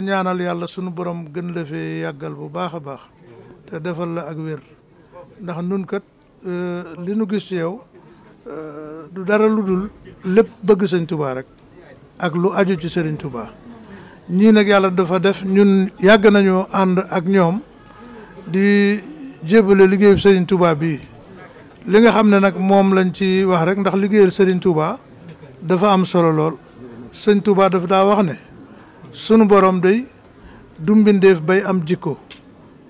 ñaanal yàlla sunu borom gën la fi yàggal bu baax a baax te defal la ak wér ndax nun euh, li nu gis ci yow euh, du dara lu dul lépp bëgg sëñ tubaa rek ak lu aju ci sëriñ tubaa ñii nag yàlla dafa def ñun yàgg nañoo ànd ak ñoom di jébale liggéeyu sëriñ tubaa bii li nga xam ne nag moom lañ ci wax rek ndax liggéeyal sëriñ tubaa dafa am solo lool sëñ tubaa daf daa wax ne sunu borom day du mbindeef bay am jikko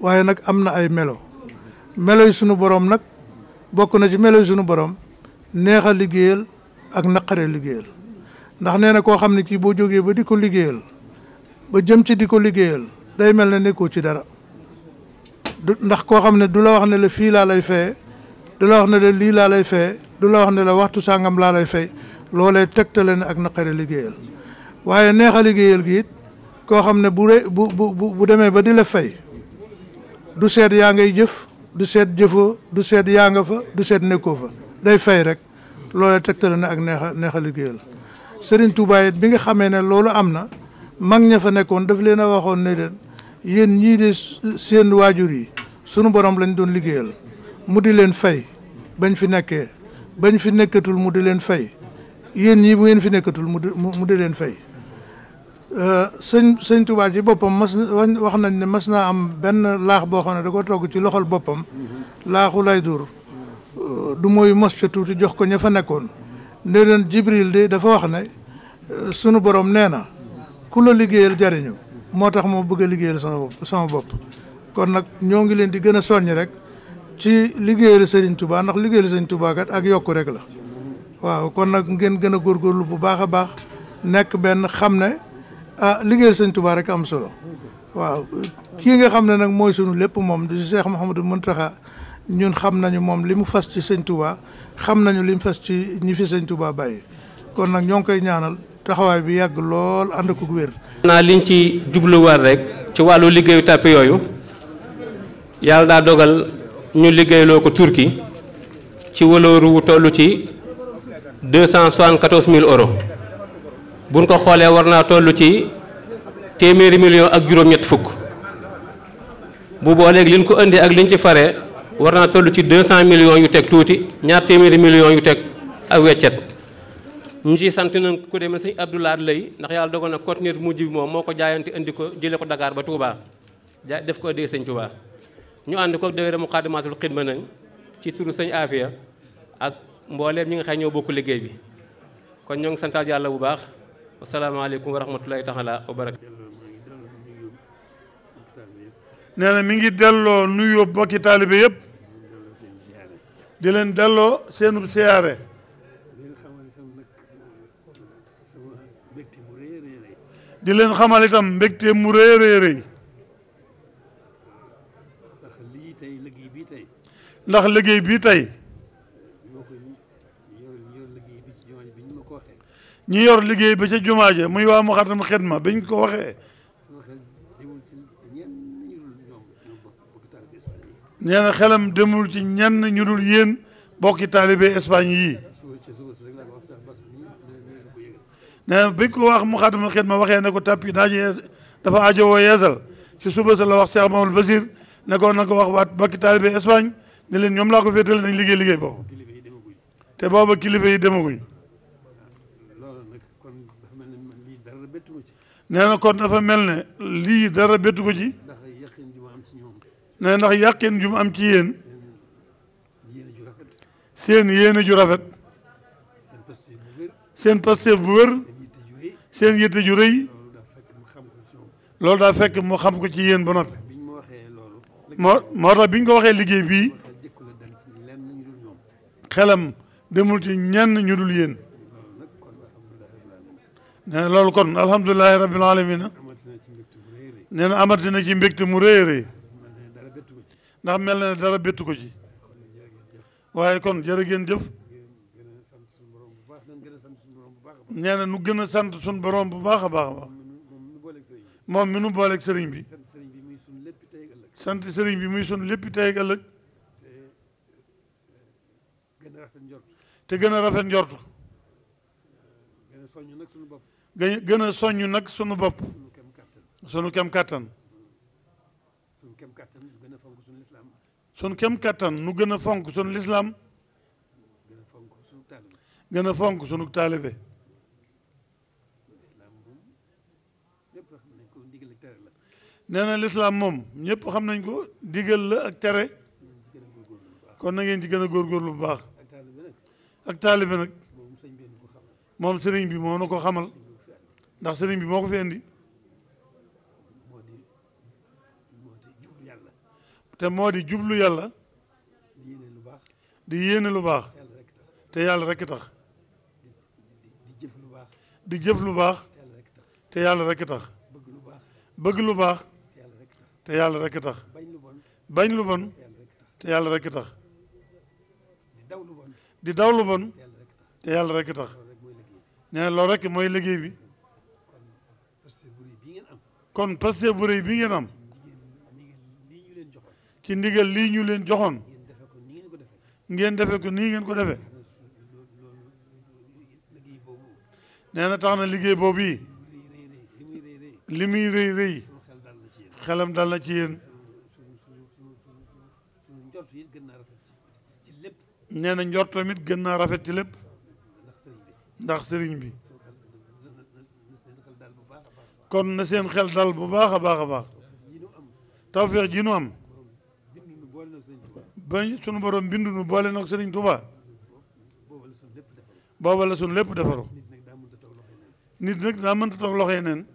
waaye nag am na ay melo melo sunu borom nag bokk na ci melo sunu borom neex a liggéeyal ak naqare liggéeyal ndax nee na koo xam ne kii boo jógee ba di ko liggéeyal ba jëm ci di ko liggéeyal day mel na nekkoo ci dara ndax koo xam ne du la wax ne la fii laa lay feye du la wax ne la lii laa lay feye du la wax ne la waxtu sàngam laa lay fay loolee tegtale ne ak naqare liggéeyal waaye neex liggéeyal gi it koo xam ne bu bu bu bu demee ba di la fay du seet yaa ngay jëf du seet jëfoo du seet yaa nga fa du seet nekkoo fa day fay rek loola tegtale na ak neexa neexa liggéeyal Serigne Touba bi nga xamee ne loolu am na mag ña fa nekkoon daf leen a waxoon ne leen yéen ñii de seen waajur yi sunu borom lañ doon liggéeyal mu di leen fay bañ fi nekkee bañ fi nekkatul mu di leen fay yéen ñii bu ngeen fi nekkatul mu di mu di leen fay Euh, sëñ sëñ Tuubaa ci boppam mas wax nañ ne mas naa am benn laax boo xam ne da ko togg ci loxol boppam mhm. laaxu lay duur euh, du mooy mos ca tuuti jox ko ña fa nekkoon ne doon Jibril de dafa wax na euh, sunu borom nee na ku la liggéeyal jariñu moo tax moo bëgg a liggéeyal sama bopp bopp kon nag ñoo ngi leen di gën a soññ rek ci liggéeyal Sëriñ Tuubaa ndax liggéeyal Sëriñ Tuubaa kat ak yokku rek la mhm. waaw kon nag ngeen gën a góorgóorlu bu baax a baax nekk benn xam ne ah liggéeyal sëñ Tuubaa rek am solo waaw kii nga xam ne nag mooy sunu lépp moom di Cheikh Mouhamadou Mountakha ñun xam nañu moom li mu fas ci sëñ Tuubaa xam nañu li mu fas ci ñi fi sëñ Tuubaa bàyyi kon nag ñoo ngi koy ñaanal taxawaay bi yàgg lool ànd ak wér. naa liñ ci jubluwaat rek ci wàllu liggéeyu tàpp yooyu yàlla daa dogal ñu liggéeyloo ko Turquie ci wëlooru wu toll ci deux cent soixante-quatorze mille euros. bu buñ ko xoolee war naa tollu ci téeméeri million ak juróom-ñett fukk bu booleeg liñ ko indi ak liñ ci fare war naa tollu ci 200 million yu teg tuuti ñaar téeméeri millions yu teg ak weccet ñu ciy sant nañ ku demee sëñ Abdoulaye lay ndax yàlla dogal na conteneur bu mujj bi moom moo ko jaayante indi ko jëlee ko dakaar ba Touba ja def ko ëddee sëñ Touba ñu ànd ko daayira Muqaddamatul Xidma nañ ci turu sëñ Afia ak mbooleem ñi nga xam ñoo bokk liggéey bi kon ñoo ngi bu baax wasalaamaaleykum wa rahmatulahi taala wa barakatu nee mi ngi delloo nuyoo bokki taalibe yëpp di leen delloo seenub siyaare di leen xamal itam mbégte mu rëy rëy rëy liggéey bii tey liggéey bii tey yor bi ci ñi yor liggéey ba ca jumaa je muy waa Muxaddamatul Xidma biñ ko waxee nee na xelam demul ci ñenn ñu dul yéen bokki taalibe Espagne yii nee na biñ ko wax Muxaddamatul Xidma waxee ne ko tàpp yi daa dafa ajowoo yeesal si suba sa la wax Cheikh Mamadou Basir ne ko na ko wax waat bokki taalibe Espagne ne leen ñoom laa ko féetale nañ liggéey liggéey boobu te booba kilifa yi demaguñ nee na kon dafa mel ne lii dara bettu ko ci nee ndax yàqin ju mu am ci yéen seen yéene ju rafet seen pasteef bu wër seen yitte ju rëy loolu daa fekk mu xam ko ci yéen ba noppi moo moo tax bi ñu ko waxee liggéey bii xelam demul ci ñenn ñu dul yéen nee na loolu kon alhamdulilahi rabbil alamina nee na amati na ci mbégte mu rëy a rëy ndax mel na ne dara bettu ko ci waaye kon jërë ngeen jëf nee na nu gën sant suñu borom bu baax a baax a baax moom mi nu booleek sëriñ bi sant sëriñ bi muy suñu lépp tey ak ëllëg te gën a rafet njort te gën a rafet njort gën a soññ nag suñu bopp gën a soññ nag sunu bopp sunu kem kàttan sunu kem kàttan nu gën a fonk sunu lislaam sunu kem kàttan nu gën a fonk sunu lislaam gën a fonk sunu taalibe nee na lislaam moom ñëpp xam nañ ko digal la ak tere kon na ngeen ci gën a góor lu baax ak taalibe nag moom sëriñ bi moo na ko xamal ndax sëriñ bi moo ko fi indi te moo di jublu yàlla di yéene lu baax te yàlla rekk tax di jëf lu baax te yàlla rekk tax bëgg lu baax te yàlla rekk tax bañ lu bon te yàlla rekk tax di daw lu bon te yàlla rekk tax nee loolu rekk mooy liggéey bi kon paste bu rëy bi ngeen am ci ndigal lii ñu leen joxoon ngeen defe ko nii ngeen ko defe nee na tax na liggéey boobu yi li muy rëy rëy xelam dal na ci yéen nee na njort tamit gën naa rafet ci lépp ndax sëriñ bi kon na seen xel dal bu baax a baax a baax tawfeex ji nu am ba sunu borom bindu nu boole nag sëriñ Tuubaa booba la sunu lépp defaru nit nag daa mënta toog loxo yeneen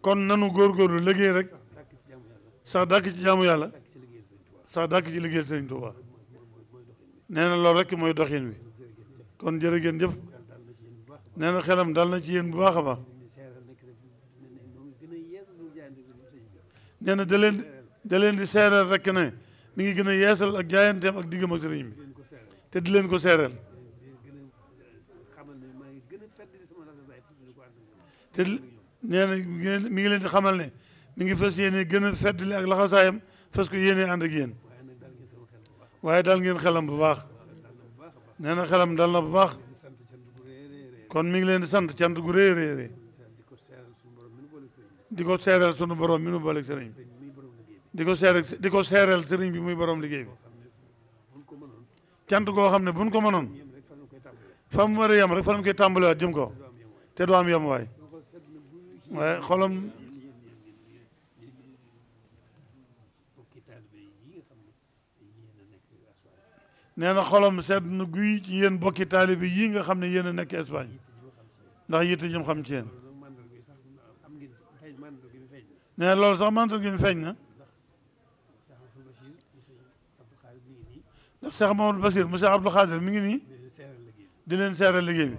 kon nanu góorgóorlu liggéey rek sax dàkk ci jaamu yàlla sax dàkk ci liggéey sëriñ Tuubaa nee na loolu rek mooy doxin wi kon jërë ngeen jëf nee na xelam dal na ci yéen bu baax a baax nee na da leen da leen di seereel rek ne mi ngi gën a yeesal ak jaayanteem ak diggam ak sëriñ bi te di leen ko seereel te nee na mi ngi leen di xamal ne mu ngi fas yéene gën a feddali ak laxasaayam fas ko yéene ànd ak yéen waaye daal ngeen xelam bu baax nee na xelam dal na bu baax kon mi ngi leen di sant cant gu rëy rëy di ko seeral sunu borom mi nu boole sëriñ di di ko seeral sëriñ bi muy borom liggéey bi cant koo xam ne buñ ko mënoon fa mu war a yem rek fa mu koy tàmbaliwaat jëm ko te du am yem waay waaye xolam nee na xolam sedd na guy ci yéen bokki taalibe yii nga xam ne yéen a nekk Espagne ndax yitte jëm xam ci yéen nee loolu sax mantal gi mi feeñ na ndax Cheikh Mamadou Basir mu Cheikh Abdou Khadir mi ngi nii di leen seeral liggéey bi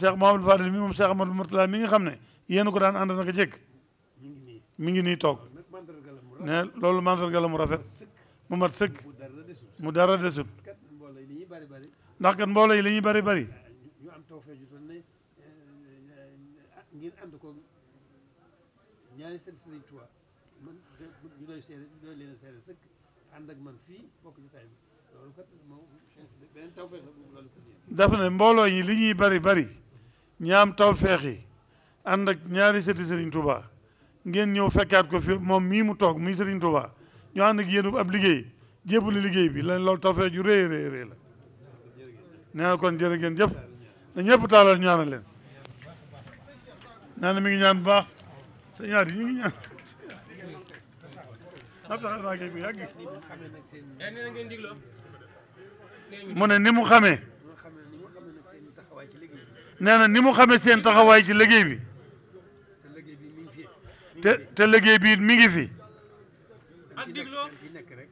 Cheikh Mamadou Fadil mi moom Cheikh Amadou Mourtala mi nga xam ne yéen ko daan ànd naka jekk mi ngi nii toog ne loolu mandarga la mu rafet mu mat sëkk mu dara desut ndax kat mbooloo yi li ñuy bari bari ngeen ànd ko ñaari seen sëriñ Tuubaa man ñu doy fii bokk ci tay bi mbooloo yi li ñuy bari bari ñaam tawfeex yi ak ñaari sëti sëriñ Tuubaa ngeen ñëw fekkaat ko fi moom mii mu toog muy sëriñ Tuubaa ñu ànd ak yéen ab liggéey jébbalu liggéey bi la lool tawfeex ju rëy rëy rëy la nee na kon jërë ngeen jëf na ñëpp taalal ñaanal leen nee na mi ngi ñaan bu baax sa ñaar yi ñu ngi ñaan mu ne ni mu xamee nee na ni mu xamee seen taxawaay ci liggéey bi te te liggéey bi mi ngi fi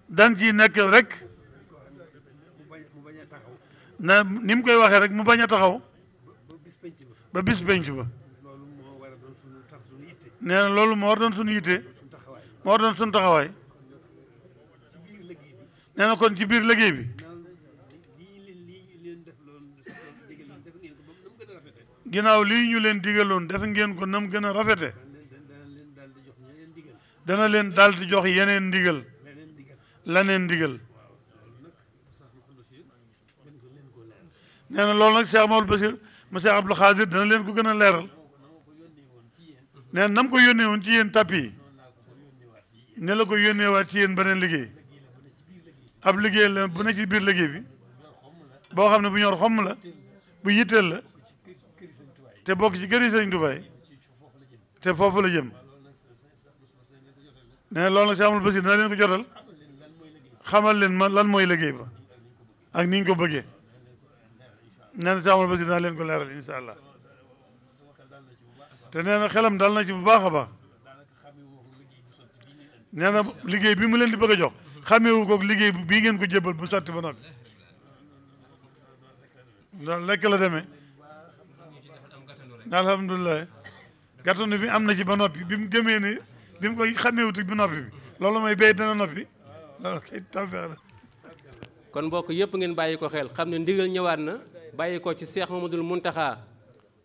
dan ci nekk rek na ni mu koy waxee rek mu bañ a taxaw ba bis penc ba nee loolu moo war doon suñu yitte moo war doon suñu taxawaay nee kon ci biir liggéey bi ginnaaw lii ñu leen digaloon def ngeen ko nam gën a rafete dana leen daal di jox yeneen ndigal laneen ndigal nee na loolu nag Cheikh Maodo Bachir ma Cheikh Abdou Khadir dana leen ko gën a leeral nee nam ko yónnee woon ci yéen tapis yi ne la ko yónnee waat ci yéen beneen liggéey ab liggéey la bu ne ci biir liggéey bi boo xam ne bu ñor xomm la bu yitteel la te bokk ci gëri sëñ Tuubaa te foofu la jëm ne loolu nag si amul basi dina leen ko jotal xamal leen ma lan mooy liggéey ba ak ni ko bëggee nee na si naa leen ko leeral incha allah te nee na xelam dal na ci bu baax a baax nee na liggéey bi mu leen di bëgg a jox xamewu ko liggéey bii ngeen ko jébbal bu sotti ba noppi ndax lekk la demee alhamdulilah gàttanu bi am na ci ba noppi bi mu gëmee ne bi mu koy xameewutu bi noppi bi loolu mooy béy dana noppi loolu kay tawfeex la kon mbokk yëpp ngeen bàyyi ko xel xam ne ndigal ñëwaat na bàyyi ko ci Seex Mamadul Muntaxaa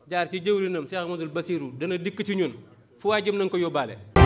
jaar ci jëwrinam Cheikh Amadou Bassirou dana dikk ci ñun fu waay jëm nañ ko yóbbaale